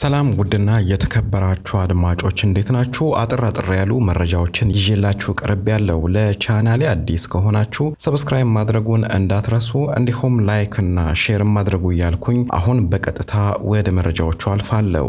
ሰላም ውድና የተከበራችሁ አድማጮች እንዴት ናችሁ? አጥር አጥር ያሉ መረጃዎችን ይዤላችሁ ቅርብ ያለው ለቻናሌ አዲስ ከሆናችሁ ሰብስክራይብ ማድረጉን እንዳትረሱ እንዲሁም ላይክ እና ሼር ማድረጉ እያልኩኝ አሁን በቀጥታ ወደ መረጃዎቹ አልፋለሁ።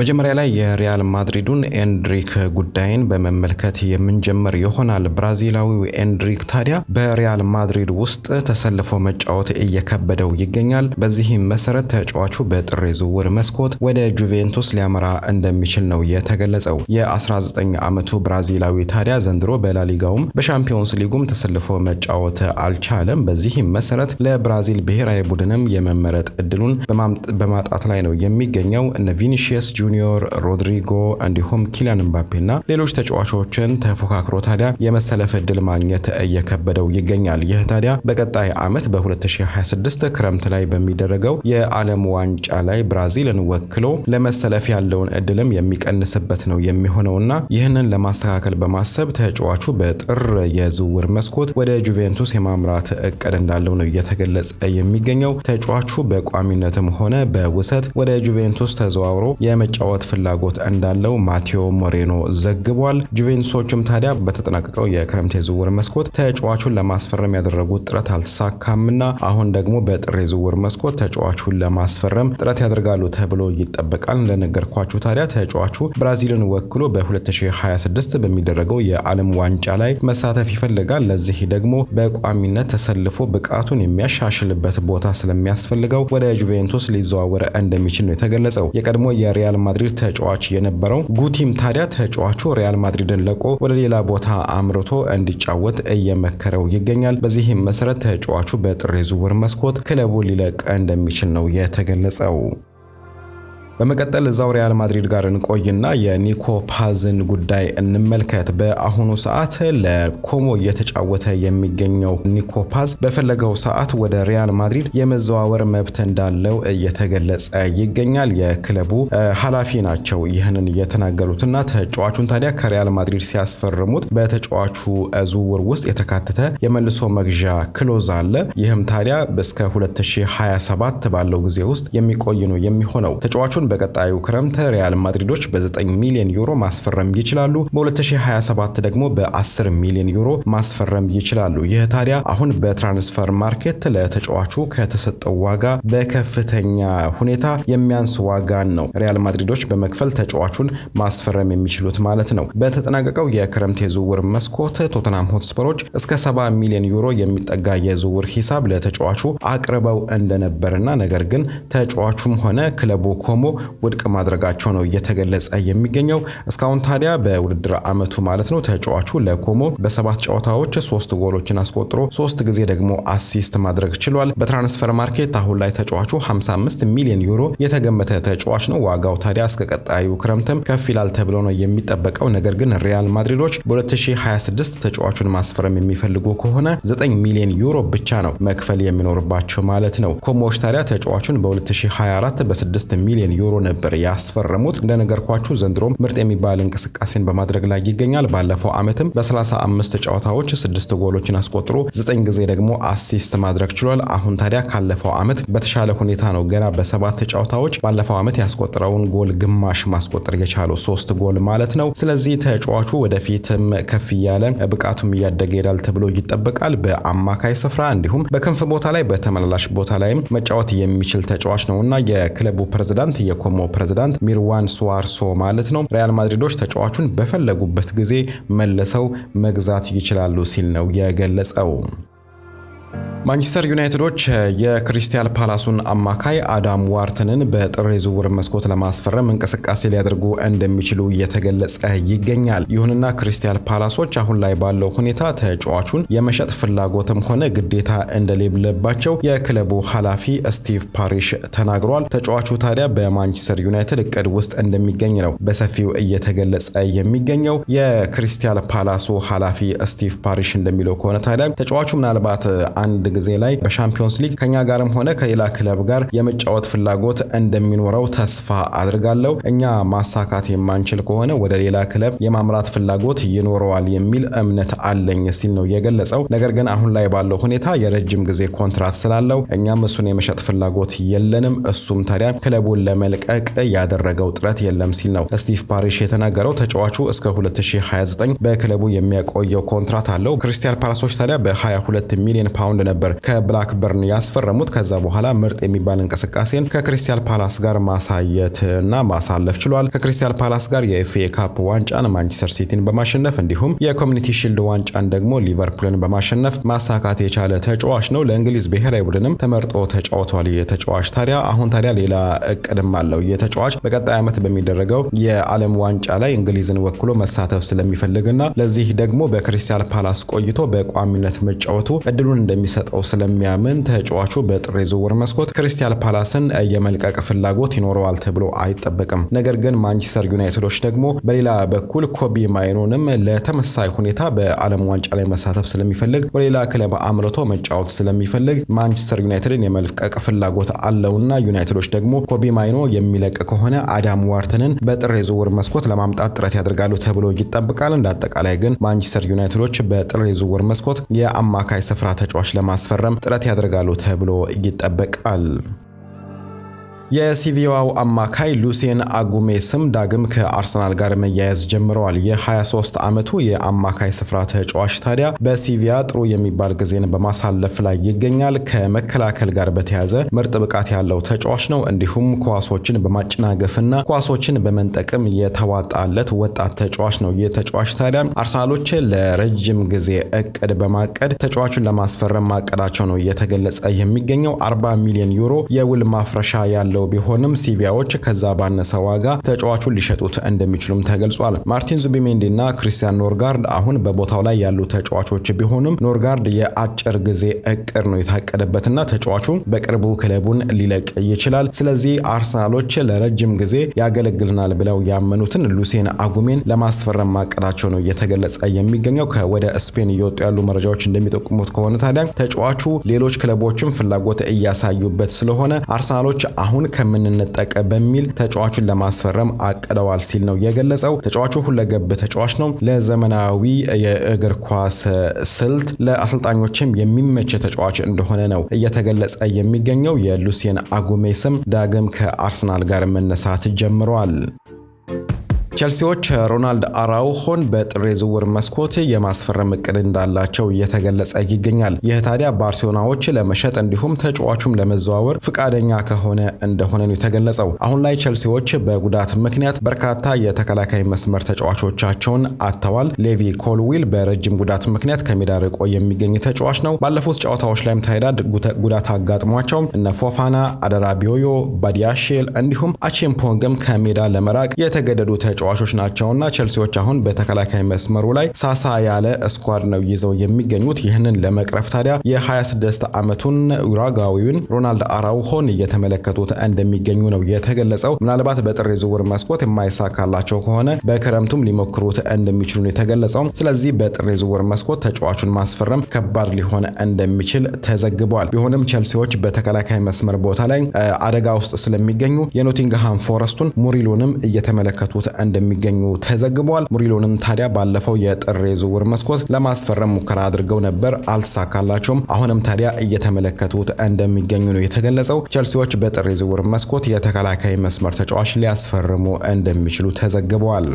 መጀመሪያ ላይ የሪያል ማድሪዱን ኤንድሪክ ጉዳይን በመመልከት የምንጀምር ይሆናል። ብራዚላዊው ኤንድሪክ ታዲያ በሪያል ማድሪድ ውስጥ ተሰልፎ መጫወት እየከበደው ይገኛል። በዚህም መሰረት ተጫዋቹ በጥር ዝውውር መስኮት ወደ ጁቬንቱስ ሊያመራ እንደሚችል ነው የተገለጸው። የ19 ዓመቱ ብራዚላዊ ታዲያ ዘንድሮ በላሊጋውም በሻምፒዮንስ ሊጉም ተሰልፎ መጫወት አልቻለም። በዚህም መሰረት ለብራዚል ብሔራዊ ቡድንም የመመረጥ እድሉን በማጣት ላይ ነው የሚገኘው። እነ ቪኒሺየስ ጁኒዮር፣ ሮድሪጎ እንዲሁም ኪሊያን ምባፔና ሌሎች ተጫዋቾችን ተፎካክሮ ታዲያ የመሰለፍ እድል ማግኘት እየከበደው ይገኛል። ይህ ታዲያ በቀጣይ ዓመት በ2026 ክረምት ላይ በሚደረገው የዓለም ዋንጫ ላይ ብራዚልን ወክሎ ለመሰለፍ ያለውን እድልም የሚቀንስበት ነው የሚሆነውና ይህንን ለማስተካከል በማሰብ ተጫዋቹ በጥር የዝውውር መስኮት ወደ ጁቬንቱስ የማምራት እቅድ እንዳለው ነው እየተገለጸ የሚገኘው። ተጫዋቹ በቋሚነትም ሆነ በውሰት ወደ ጁቬንቱስ ተዘዋውሮ የመጫ የመጫወት ፍላጎት እንዳለው ማቴዎ ሞሬኖ ዘግቧል። ጁቬንሶቹም ታዲያ በተጠናቀቀው የክረምት የዝውውር መስኮት ተጫዋቹን ለማስፈረም ያደረጉት ጥረት አልተሳካምና አሁን ደግሞ በጥር የዝውውር መስኮት ተጫዋቹን ለማስፈረም ጥረት ያደርጋሉ ተብሎ ይጠበቃል። እንደነገርኳችሁ ታዲያ ተጫዋቹ ብራዚልን ወክሎ በ2026 በሚደረገው የዓለም ዋንጫ ላይ መሳተፍ ይፈልጋል። ለዚህ ደግሞ በቋሚነት ተሰልፎ ብቃቱን የሚያሻሽልበት ቦታ ስለሚያስፈልገው ወደ ጁቬንቱስ ሊዘዋወረ እንደሚችል ነው የተገለጸው። የቀድሞ የሪያል ማድሪድ ተጫዋች የነበረው ጉቲም ታዲያ ተጫዋቹ ሪያል ማድሪድን ለቆ ወደ ሌላ ቦታ አምርቶ እንዲጫወት እየመከረው ይገኛል። በዚህም መሰረት ተጫዋቹ በጥር ዝውውር መስኮት ክለቡ ሊለቅ እንደሚችል ነው የተገለጸው። በመቀጠል እዛው ሪያል ማድሪድ ጋር እንቆይና የኒኮ ፓዝን ጉዳይ እንመልከት። በአሁኑ ሰዓት ለኮሞ እየተጫወተ የሚገኘው ኒኮ ፓዝ በፈለገው ሰዓት ወደ ሪያል ማድሪድ የመዘዋወር መብት እንዳለው እየተገለጸ ይገኛል። የክለቡ ኃላፊ ናቸው ይህንን እየተናገሩትና ተጫዋቹን ታዲያ ከሪያል ማድሪድ ሲያስፈርሙት በተጫዋቹ ዝውውር ውስጥ የተካተተ የመልሶ መግዣ ክሎዝ አለ። ይህም ታዲያ እስከ 2027 ባለው ጊዜ ውስጥ የሚቆይ ነው የሚሆነው ተጫዋቹን ሲሆን በቀጣዩ ክረምት ሪያል ማድሪዶች በ9 ሚሊዮን ዩሮ ማስፈረም ይችላሉ። በ2027 ደግሞ በ10 ሚሊዮን ዩሮ ማስፈረም ይችላሉ። ይህ ታዲያ አሁን በትራንስፈር ማርኬት ለተጫዋቹ ከተሰጠው ዋጋ በከፍተኛ ሁኔታ የሚያንስ ዋጋን ነው ሪያል ማድሪዶች በመክፈል ተጫዋቹን ማስፈረም የሚችሉት ማለት ነው። በተጠናቀቀው የክረምት የዝውውር መስኮት ቶተናም ሆትስፐሮች እስከ 70 ሚሊዮን ዩሮ የሚጠጋ የዝውውር ሂሳብ ለተጫዋቹ አቅርበው እንደነበርና ነገር ግን ተጫዋቹም ሆነ ክለቡ ኮሞ ውድቅ ማድረጋቸው ነው እየተገለጸ የሚገኘው። እስካሁን ታዲያ በውድድር ዓመቱ ማለት ነው ተጫዋቹ ለኮሞ በሰባት ጨዋታዎች ሶስት ጎሎችን አስቆጥሮ ሶስት ጊዜ ደግሞ አሲስት ማድረግ ችሏል። በትራንስፈር ማርኬት አሁን ላይ ተጫዋቹ 55 ሚሊዮን ዩሮ የተገመተ ተጫዋች ነው። ዋጋው ታዲያ እስከ ቀጣዩ ክረምትም ከፍ ይላል ተብሎ ነው የሚጠበቀው። ነገር ግን ሪያል ማድሪዶች በ2026 ተጫዋቹን ማስፈረም የሚፈልጉ ከሆነ 9 ሚሊዮን ዩሮ ብቻ ነው መክፈል የሚኖርባቸው ማለት ነው። ኮሞዎች ታዲያ ተጫዋቹን በ2024 በ6 ሚሊዮን ዩሮ ዩሮ ነበር ያስፈረሙት። እንደነገርኳችሁ ዘንድሮም ምርጥ የሚባል እንቅስቃሴን በማድረግ ላይ ይገኛል። ባለፈው ዓመትም በ35 ጨዋታዎች ስድስት ጎሎችን አስቆጥሮ ዘጠኝ ጊዜ ደግሞ አሲስት ማድረግ ችሏል። አሁን ታዲያ ካለፈው ዓመት በተሻለ ሁኔታ ነው ገና በሰባት ጨዋታዎች ባለፈው ዓመት ያስቆጠረውን ጎል ግማሽ ማስቆጠር የቻለው ሶስት ጎል ማለት ነው። ስለዚህ ተጫዋቹ ወደፊትም ከፍ እያለ ብቃቱም እያደገ ይሄዳል ተብሎ ይጠበቃል። በአማካይ ስፍራ እንዲሁም በክንፍ ቦታ ላይ በተመላላሽ ቦታ ላይም መጫወት የሚችል ተጫዋች ነው እና የክለቡ የ የኮሞ ፕሬዝዳንት ሚርዋን ስዋርሶ ማለት ነው። ሪያል ማድሪዶች ተጫዋቹን በፈለጉበት ጊዜ መልሰው መግዛት ይችላሉ ሲል ነው የገለጸው። ማንቸስተር ዩናይትዶች የክሪስታል ፓላሱን አማካይ አዳም ዋርትንን በጥር የዝውውር መስኮት ለማስፈረም እንቅስቃሴ ሊያደርጉ እንደሚችሉ እየተገለጸ ይገኛል። ይሁንና ክሪስታል ፓላሶች አሁን ላይ ባለው ሁኔታ ተጫዋቹን የመሸጥ ፍላጎትም ሆነ ግዴታ እንደሌለባቸው የክለቡ ኃላፊ ስቲቭ ፓሪሽ ተናግሯል። ተጫዋቹ ታዲያ በማንቸስተር ዩናይትድ እቅድ ውስጥ እንደሚገኝ ነው በሰፊው እየተገለጸ የሚገኘው። የክሪስታል ፓላሱ ኃላፊ ስቲቭ ፓሪሽ እንደሚለው ከሆነ ታዲያ ተጫዋቹ ምናልባት አንድ ጊዜ ላይ በሻምፒዮንስ ሊግ ከኛ ጋርም ሆነ ከሌላ ክለብ ጋር የመጫወት ፍላጎት እንደሚኖረው ተስፋ አድርጋለሁ። እኛ ማሳካት የማንችል ከሆነ ወደ ሌላ ክለብ የማምራት ፍላጎት ይኖረዋል የሚል እምነት አለኝ ሲል ነው የገለጸው። ነገር ግን አሁን ላይ ባለው ሁኔታ የረጅም ጊዜ ኮንትራት ስላለው እኛም እሱን የመሸጥ ፍላጎት የለንም። እሱም ታዲያ ክለቡን ለመልቀቅ ያደረገው ጥረት የለም ሲል ነው ስቲቭ ፓሪሽ የተናገረው። ተጫዋቹ እስከ 2029 በክለቡ የሚያቆየው ኮንትራት አለው። ክሪስቲያን ፓላሶች ታዲያ በ22 ሚሊዮን ፓውንድ ነበር ከብላክበርን ያስፈረሙት። ከዛ በኋላ ምርጥ የሚባል እንቅስቃሴን ከክሪስታል ፓላስ ጋር ማሳየትና ማሳለፍ ችሏል። ከክሪስታል ፓላስ ጋር የኤፍኤ ካፕ ዋንጫን ማንቸስተር ሲቲን በማሸነፍ እንዲሁም የኮሚኒቲ ሺልድ ዋንጫን ደግሞ ሊቨርፑልን በማሸነፍ ማሳካት የቻለ ተጫዋች ነው። ለእንግሊዝ ብሔራዊ ቡድንም ተመርጦ ተጫውቷል። የተጫዋች ታዲያ አሁን ታዲያ ሌላ እቅድም አለው። የተጫዋች በቀጣይ ዓመት በሚደረገው የዓለም ዋንጫ ላይ እንግሊዝን ወክሎ መሳተፍ ስለሚፈልግና ለዚህ ደግሞ በክሪስታል ፓላስ ቆይቶ በቋሚነት መጫወቱ እድሉን እንደሚሰጥ እንደሚመርጠው ስለሚያምን ተጫዋቹ በጥር ዝውውር መስኮት ክሪስታል ፓላስን የመልቀቅ ፍላጎት ይኖረዋል ተብሎ አይጠበቅም። ነገር ግን ማንቸስተር ዩናይትዶች ደግሞ በሌላ በኩል ኮቢ ማይኖንም ለተመሳይ ሁኔታ በዓለም ዋንጫ ላይ መሳተፍ ስለሚፈልግ በሌላ ክለብ አምርቶ መጫወት ስለሚፈልግ ማንቸስተር ዩናይትድን የመልቀቅ ፍላጎት አለውና ዩናይትዶች ደግሞ ኮቢ ማይኖ የሚለቅ ከሆነ አዳም ዋርተንን በጥር ዝውውር መስኮት ለማምጣት ጥረት ያደርጋሉ ተብሎ ይጠበቃል። እንደ አጠቃላይ ግን ማንቸስተር ዩናይትዶች በጥር ዝውውር መስኮት የአማካይ ስፍራ ተጫዋች ለማ ለማስፈረም ጥረት ያደርጋሉ ተብሎ ይጠበቃል። የሲቪያው አማካይ ሉሴን አጉሜ ስም ዳግም ከአርሰናል ጋር መያያዝ ጀምረዋል። የ23 ዓመቱ የአማካይ ስፍራ ተጫዋች ታዲያ በሲቪያ ጥሩ የሚባል ጊዜን በማሳለፍ ላይ ይገኛል። ከመከላከል ጋር በተያያዘ ምርጥ ብቃት ያለው ተጫዋች ነው። እንዲሁም ኳሶችን በማጨናገፍና ኳሶችን በመንጠቅም የተዋጣለት ወጣት ተጫዋች ነው። ይህ ተጫዋች ታዲያ አርሰናሎች ለረጅም ጊዜ እቅድ በማቀድ ተጫዋቹን ለማስፈረም ማቀዳቸው ነው እየተገለጸ የሚገኘው 40 ሚሊዮን ዩሮ የውል ማፍረሻ ያለው ያለው ቢሆንም ሲቪያዎች ከዛ ባነሰ ዋጋ ተጫዋቹን ሊሸጡት እንደሚችሉም ተገልጿል። ማርቲን ዙቢሜንዲ እና ክሪስቲያን ኖርጋርድ አሁን በቦታው ላይ ያሉ ተጫዋቾች ቢሆኑም ኖርጋርድ የአጭር ጊዜ እቅድ ነው የታቀደበትና ተጫዋቹ በቅርቡ ክለቡን ሊለቅ ይችላል። ስለዚህ አርሰናሎች ለረጅም ጊዜ ያገለግልናል ብለው ያመኑትን ሉሴን አጉሜን ለማስፈረም ማቀዳቸው ነው እየተገለጸ የሚገኘው። ከወደ ስፔን እየወጡ ያሉ መረጃዎች እንደሚጠቁሙት ከሆነ ታዲያ ተጫዋቹ ሌሎች ክለቦችም ፍላጎት እያሳዩበት ስለሆነ አርሰናሎች አሁን ከምንነጠቀ በሚል ተጫዋቹን ለማስፈረም አቅደዋል ሲል ነው የገለጸው። ተጫዋቹ ሁለገብ ተጫዋች ነው። ለዘመናዊ የእግር ኳስ ስልት ለአሰልጣኞችም የሚመች ተጫዋች እንደሆነ ነው እየተገለጸ የሚገኘው። የሉሲየን አጉሜ ስም ዳግም ከአርሰናል ጋር መነሳት ጀምረዋል። ቸልሲዎች ሮናልድ አራውሆን በጥር ዝውር መስኮት የማስፈረም እቅድ እንዳላቸው እየተገለጸ ይገኛል። ይህ ታዲያ ባርሴሎናዎች ለመሸጥ እንዲሁም ተጫዋቹም ለመዘዋወር ፍቃደኛ ከሆነ እንደሆነ ነው የተገለጸው። አሁን ላይ ቸልሲዎች በጉዳት ምክንያት በርካታ የተከላካይ መስመር ተጫዋቾቻቸውን አጥተዋል። ሌቪ ኮልዊል በረጅም ጉዳት ምክንያት ከሜዳ ርቆ የሚገኝ ተጫዋች ነው። ባለፉት ጨዋታዎች ላይም ታይዳድ ጉዳት አጋጥሟቸው እነ ፎፋና፣ አደራቢዮዮ፣ ባዲያሼል እንዲሁም አቼምፖንግም ከሜዳ ለመራቅ የተገደዱ ተጫ ተጫዋቾች ናቸውና ቸልሲዎች አሁን በተከላካይ መስመሩ ላይ ሳሳ ያለ ስኳድ ነው ይዘው የሚገኙት። ይህንን ለመቅረፍ ታዲያ የ26 ዓመቱን ዩራጋዊውን ሮናልድ አራውሆን እየተመለከቱት እንደሚገኙ ነው የተገለጸው። ምናልባት በጥር ዝውውር መስኮት የማይሳካላቸው ከሆነ በክረምቱም ሊሞክሩት እንደሚችሉ ነው የተገለጸው። ስለዚህ በጥር ዝውውር መስኮት ተጫዋቹን ማስፈረም ከባድ ሊሆን እንደሚችል ተዘግቧል። ቢሆንም ቸልሲዎች በተከላካይ መስመር ቦታ ላይ አደጋ ውስጥ ስለሚገኙ የኖቲንግሃም ፎረስቱን ሙሪሉንም እየተመለከቱት እንደ እንደሚገኙ ተዘግቧል። ሙሪሎንም ታዲያ ባለፈው የጥር ዝውር መስኮት ለማስፈረም ሙከራ አድርገው ነበር፣ አልተሳካላቸውም። አሁንም ታዲያ እየተመለከቱት እንደሚገኙ ነው የተገለጸው። ቸልሲዎች በጥር ዝውር መስኮት የተከላካይ መስመር ተጫዋች ሊያስፈርሙ እንደሚችሉ ተዘግበዋል።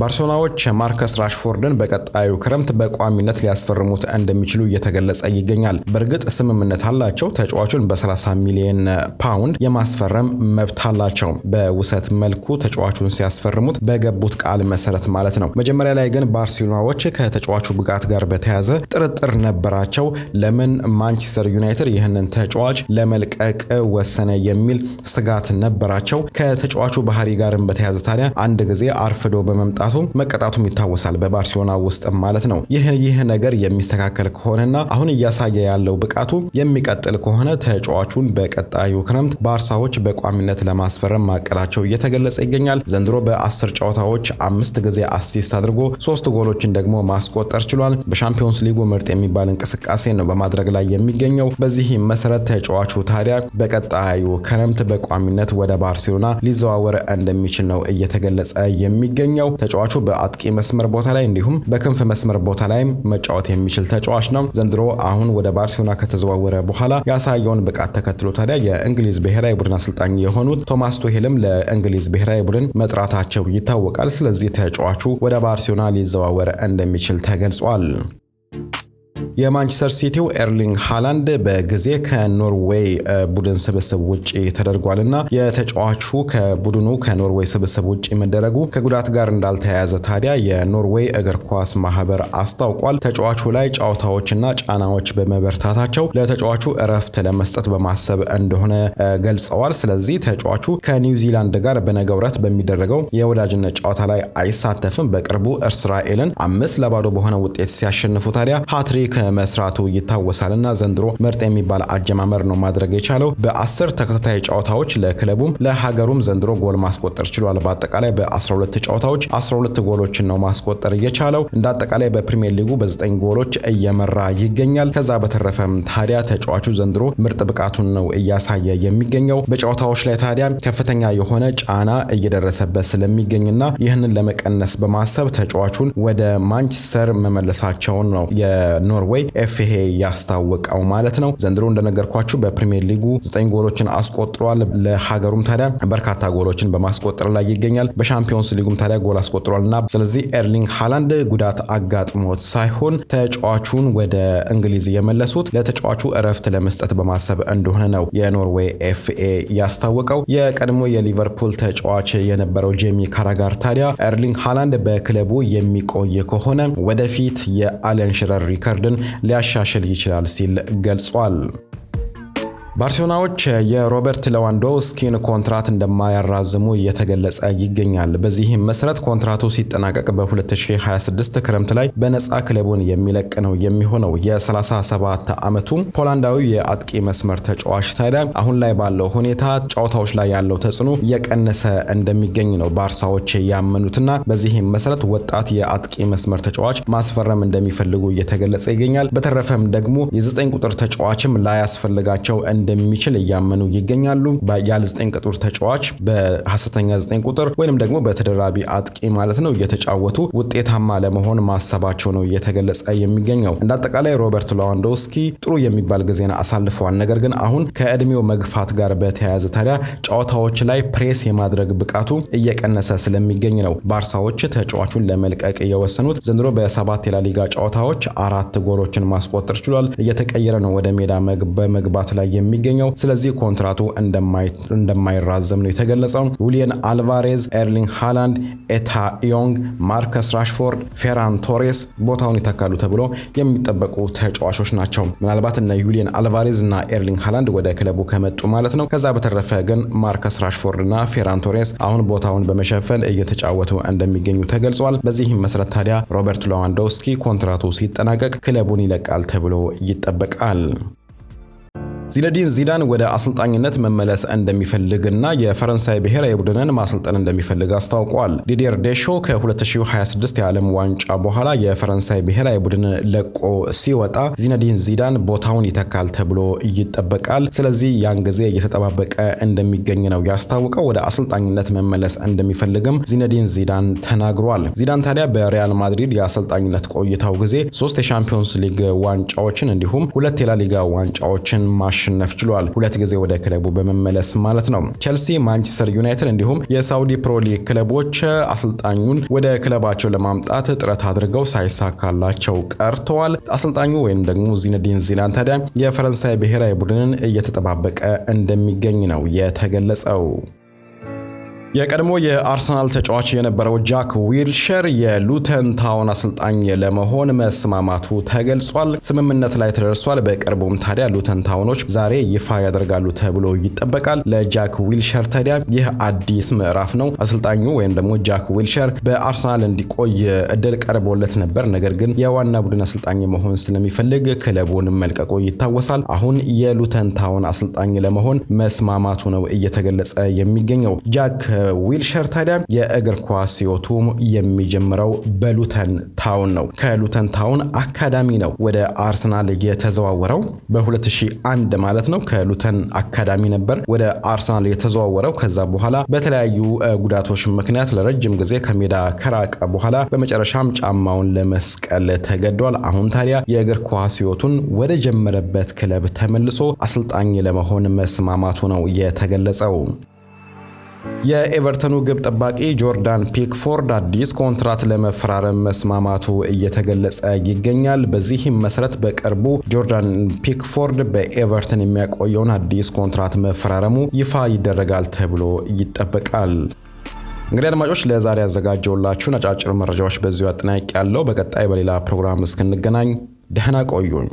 ባርሴሎናዎች ማርከስ ራሽፎርድን በቀጣዩ ክረምት በቋሚነት ሊያስፈርሙት እንደሚችሉ እየተገለጸ ይገኛል። በእርግጥ ስምምነት አላቸው። ተጫዋቹን በ30 ሚሊዮን ፓውንድ የማስፈረም መብት አላቸው። በውሰት መልኩ ተጫዋቹን ሲያስፈርሙት በገቡት ቃል መሰረት ማለት ነው። መጀመሪያ ላይ ግን ባርሴሎናዎች ከተጫዋቹ ብቃት ጋር በተያዘ ጥርጥር ነበራቸው። ለምን ማንቸስተር ዩናይትድ ይህንን ተጫዋች ለመልቀቅ ወሰነ የሚል ስጋት ነበራቸው። ከተጫዋቹ ባህሪ ጋርም በተያያዘ ታዲያ አንድ ጊዜ አርፍዶ በመምጣት መምጣቱ መቀጣቱም ይታወሳል። በባርሴሎና ውስጥ ማለት ነው። ይህ ነገር የሚስተካከል ከሆነና አሁን እያሳየ ያለው ብቃቱ የሚቀጥል ከሆነ ተጫዋቹን በቀጣዩ ክረምት ባርሳዎች በቋሚነት ለማስፈረም ማቀዳቸው እየተገለጸ ይገኛል። ዘንድሮ በአስር ጨዋታዎች አምስት ጊዜ አሲስት አድርጎ ሶስት ጎሎችን ደግሞ ማስቆጠር ችሏል። በሻምፒዮንስ ሊጉ ምርጥ የሚባል እንቅስቃሴ ነው በማድረግ ላይ የሚገኘው። በዚህ መሰረት ተጫዋቹ ታዲያ በቀጣዩ ክረምት በቋሚነት ወደ ባርሴሎና ሊዘዋወር እንደሚችል ነው እየተገለጸ የሚገኘው። ተጫዋቹ በአጥቂ መስመር ቦታ ላይ እንዲሁም በክንፍ መስመር ቦታ ላይም መጫወት የሚችል ተጫዋች ነው። ዘንድሮ አሁን ወደ ባርሴሎና ከተዘዋወረ በኋላ ያሳየውን ብቃት ተከትሎ ታዲያ የእንግሊዝ ብሔራዊ ቡድን አሰልጣኝ የሆኑት ቶማስ ቱሄልም ለእንግሊዝ ብሔራዊ ቡድን መጥራታቸው ይታወቃል። ስለዚህ ተጫዋቹ ወደ ባርሴሎና ሊዘዋወር እንደሚችል ተገልጿል። የማንቸስተር ሲቲው ኤርሊንግ ሃላንድ በጊዜ ከኖርዌይ ቡድን ስብስብ ውጭ ተደርጓልና የተጫዋቹ ከቡድኑ ከኖርዌይ ስብስብ ውጭ መደረጉ ከጉዳት ጋር እንዳልተያያዘ ታዲያ የኖርዌይ እግር ኳስ ማህበር አስታውቋል። ተጫዋቹ ላይ ጨዋታዎችና ጫናዎች በመበርታታቸው ለተጫዋቹ እረፍት ለመስጠት በማሰብ እንደሆነ ገልጸዋል። ስለዚህ ተጫዋቹ ከኒውዚላንድ ጋር በነገው ዕለት በሚደረገው የወዳጅነት ጨዋታ ላይ አይሳተፍም። በቅርቡ እስራኤልን አምስት ለባዶ በሆነ ውጤት ሲያሸንፉ ታዲያ ሃትሪክ መስራቱ ይታወሳል እና ዘንድሮ ምርጥ የሚባል አጀማመር ነው ማድረግ የቻለው። በአስር ተከታታይ ጨዋታዎች ለክለቡም ለሀገሩም ዘንድሮ ጎል ማስቆጠር ችሏል። በአጠቃላይ በ12 ጨዋታዎች 12 ጎሎችን ነው ማስቆጠር እየቻለው። እንደ አጠቃላይ በፕሪሚየር ሊጉ በ9 ጎሎች እየመራ ይገኛል። ከዛ በተረፈም ታዲያ ተጫዋቹ ዘንድሮ ምርጥ ብቃቱን ነው እያሳየ የሚገኘው። በጨዋታዎች ላይ ታዲያ ከፍተኛ የሆነ ጫና እየደረሰበት ስለሚገኝና ይህንን ለመቀነስ በማሰብ ተጫዋቹን ወደ ማንቸስተር መመለሳቸውን ነው የኖር ወይ ኤፍኤ ያስታወቀው ማለት ነው። ዘንድሮ እንደነገርኳችሁ በፕሪሚየር ሊጉ ዘጠኝ ጎሎችን አስቆጥሯል። ለሀገሩም ታዲያ በርካታ ጎሎችን በማስቆጠር ላይ ይገኛል። በሻምፒዮንስ ሊጉም ታዲያ ጎል አስቆጥሯል እና ስለዚህ ኤርሊንግ ሃላንድ ጉዳት አጋጥሞት ሳይሆን ተጫዋቹን ወደ እንግሊዝ የመለሱት ለተጫዋቹ እረፍት ለመስጠት በማሰብ እንደሆነ ነው የኖርዌይ ኤፍኤ ያስታወቀው። የቀድሞ የሊቨርፑል ተጫዋች የነበረው ጄሚ ካራጋር ታዲያ ኤርሊንግ ሃላንድ በክለቡ የሚቆይ ከሆነ ወደፊት የአለን ሽረር ሪከርድን ሊያሻሽል ይችላል ሲል ገልጿል። ባርሴሎናዎች የሮበርት ሌዋንዶውስኪን ኮንትራት እንደማያራዝሙ እየተገለጸ ይገኛል። በዚህም መሰረት ኮንትራቱ ሲጠናቀቅ በ2026 ክረምት ላይ በነፃ ክለቡን የሚለቅ ነው የሚሆነው። የ37 ዓመቱ ፖላንዳዊ የአጥቂ መስመር ተጫዋች ታዲያ አሁን ላይ ባለው ሁኔታ ጨዋታዎች ላይ ያለው ተጽዕኖ እየቀነሰ እንደሚገኝ ነው ባርሳዎች ያመኑትና በዚህም መሰረት ወጣት የአጥቂ መስመር ተጫዋች ማስፈረም እንደሚፈልጉ እየተገለጸ ይገኛል። በተረፈም ደግሞ የዘጠኝ ቁጥር ተጫዋችም ላያስፈልጋቸው እንደ እንደሚችል እያመኑ ይገኛሉ። ያለ9 ቁጥር ተጫዋች በሐሰተኛ 9 ቁጥር ወይም ደግሞ በተደራቢ አጥቂ ማለት ነው እየተጫወቱ ውጤታማ ለመሆን ማሰባቸው ነው እየተገለጸ የሚገኘው። እንደ አጠቃላይ ሮበርት ሌዋንዶውስኪ ጥሩ የሚባል ጊዜን አሳልፈዋል። ነገር ግን አሁን ከእድሜው መግፋት ጋር በተያያዘ ታዲያ ጨዋታዎች ላይ ፕሬስ የማድረግ ብቃቱ እየቀነሰ ስለሚገኝ ነው ባርሳዎች ተጫዋቹን ለመልቀቅ የወሰኑት። ዘንድሮ በሰባት የላሊጋ ጨዋታዎች አራት ጎሎችን ማስቆጠር ችሏል። እየተቀየረ ነው ወደ ሜዳ በመግባት ላይ የሚ የሚገኘው። ስለዚህ ኮንትራቱ እንደማይራዘም ነው የተገለጸው። ዊሊየን አልቫሬዝ፣ ኤርሊንግ ሃላንድ፣ ኤታ ዮንግ፣ ማርከስ ራሽፎርድ፣ ፌራን ቶሬስ ቦታውን ይተካሉ ተብሎ የሚጠበቁ ተጫዋቾች ናቸው። ምናልባት እነ ዩሊየን አልቫሬዝ እና ኤርሊንግ ሃላንድ ወደ ክለቡ ከመጡ ማለት ነው። ከዛ በተረፈ ግን ማርከስ ራሽፎርድ እና ፌራን ቶሬስ አሁን ቦታውን በመሸፈን እየተጫወቱ እንደሚገኙ ተገልጿል። በዚህም መሰረት ታዲያ ሮበርት ሌዋንዶውስኪ ኮንትራቱ ሲጠናቀቅ ክለቡን ይለቃል ተብሎ ይጠበቃል። ዚነዲን ዚዳን ወደ አሰልጣኝነት መመለስ እንደሚፈልግና የፈረንሳይ ብሔራዊ ቡድንን ማሰልጠን እንደሚፈልግ አስታውቋል። ዲዲር ዴሾ ከ2026 የዓለም ዋንጫ በኋላ የፈረንሳይ ብሔራዊ ቡድን ለቆ ሲወጣ ዚነዲን ዚዳን ቦታውን ይተካል ተብሎ ይጠበቃል። ስለዚህ ያን ጊዜ እየተጠባበቀ እንደሚገኝ ነው ያስታውቀው። ወደ አሰልጣኝነት መመለስ እንደሚፈልግም ዚነዲን ዚዳን ተናግሯል። ዚዳን ታዲያ በሪያል ማድሪድ የአሰልጣኝነት ቆይታው ጊዜ ሶስት የሻምፒዮንስ ሊግ ዋንጫዎችን እንዲሁም ሁለት የላሊጋ ዋንጫዎችን ማሸ ማሸነፍ ችሏል። ሁለት ጊዜ ወደ ክለቡ በመመለስ ማለት ነው። ቸልሲ፣ ማንቸስተር ዩናይትድ እንዲሁም የሳውዲ ፕሮ ሊግ ክለቦች አሰልጣኙን ወደ ክለባቸው ለማምጣት ጥረት አድርገው ሳይሳካላቸው ቀርተዋል። አሰልጣኙ ወይም ደግሞ ዚነዲን ዚዳን ታዲያ የፈረንሳይ ብሔራዊ ቡድንን እየተጠባበቀ እንደሚገኝ ነው የተገለጸው። የቀድሞ የአርሰናል ተጫዋች የነበረው ጃክ ዊልሸር የሉተን ታውን አሰልጣኝ ለመሆን መስማማቱ ተገልጿል። ስምምነት ላይ ተደርሷል። በቅርቡም ታዲያ ሉተን ታውኖች ዛሬ ይፋ ያደርጋሉ ተብሎ ይጠበቃል። ለጃክ ዊልሸር ታዲያ ይህ አዲስ ምዕራፍ ነው። አሰልጣኙ ወይም ደግሞ ጃክ ዊልሸር በአርሰናል እንዲቆይ እድል ቀርቦለት ነበር። ነገር ግን የዋና ቡድን አሰልጣኝ መሆን ስለሚፈልግ ክለቡን መልቀቁ ይታወሳል። አሁን የሉተን ታውን አሰልጣኝ ለመሆን መስማማቱ ነው እየተገለጸ የሚገኘው ጃክ ዊልሸር ታዲያ የእግር ኳስ ህይወቱ የሚጀምረው በሉተን ታውን ነው። ከሉተን ታውን አካዳሚ ነው ወደ አርሰናል የተዘዋወረው በ2001 ማለት ነው። ከሉተን አካዳሚ ነበር ወደ አርሰናል የተዘዋወረው። ከዛ በኋላ በተለያዩ ጉዳቶች ምክንያት ለረጅም ጊዜ ከሜዳ ከራቀ በኋላ በመጨረሻም ጫማውን ለመስቀል ተገዷል። አሁን ታዲያ የእግር ኳስ ህይወቱን ወደ ጀመረበት ክለብ ተመልሶ አሰልጣኝ ለመሆን መስማማቱ ነው የተገለጸው። የኤቨርተኑ ግብ ጠባቂ ጆርዳን ፒክፎርድ አዲስ ኮንትራት ለመፈራረም መስማማቱ እየተገለጸ ይገኛል። በዚህም መሰረት በቅርቡ ጆርዳን ፒክፎርድ በኤቨርተን የሚያቆየውን አዲስ ኮንትራት መፈራረሙ ይፋ ይደረጋል ተብሎ ይጠበቃል። እንግዲህ አድማጮች ለዛሬ ያዘጋጀውላችሁን አጫጭር መረጃዎች በዚሁ አጠናቅ ያለው። በቀጣይ በሌላ ፕሮግራም እስክንገናኝ ደህና ቆዩኝ።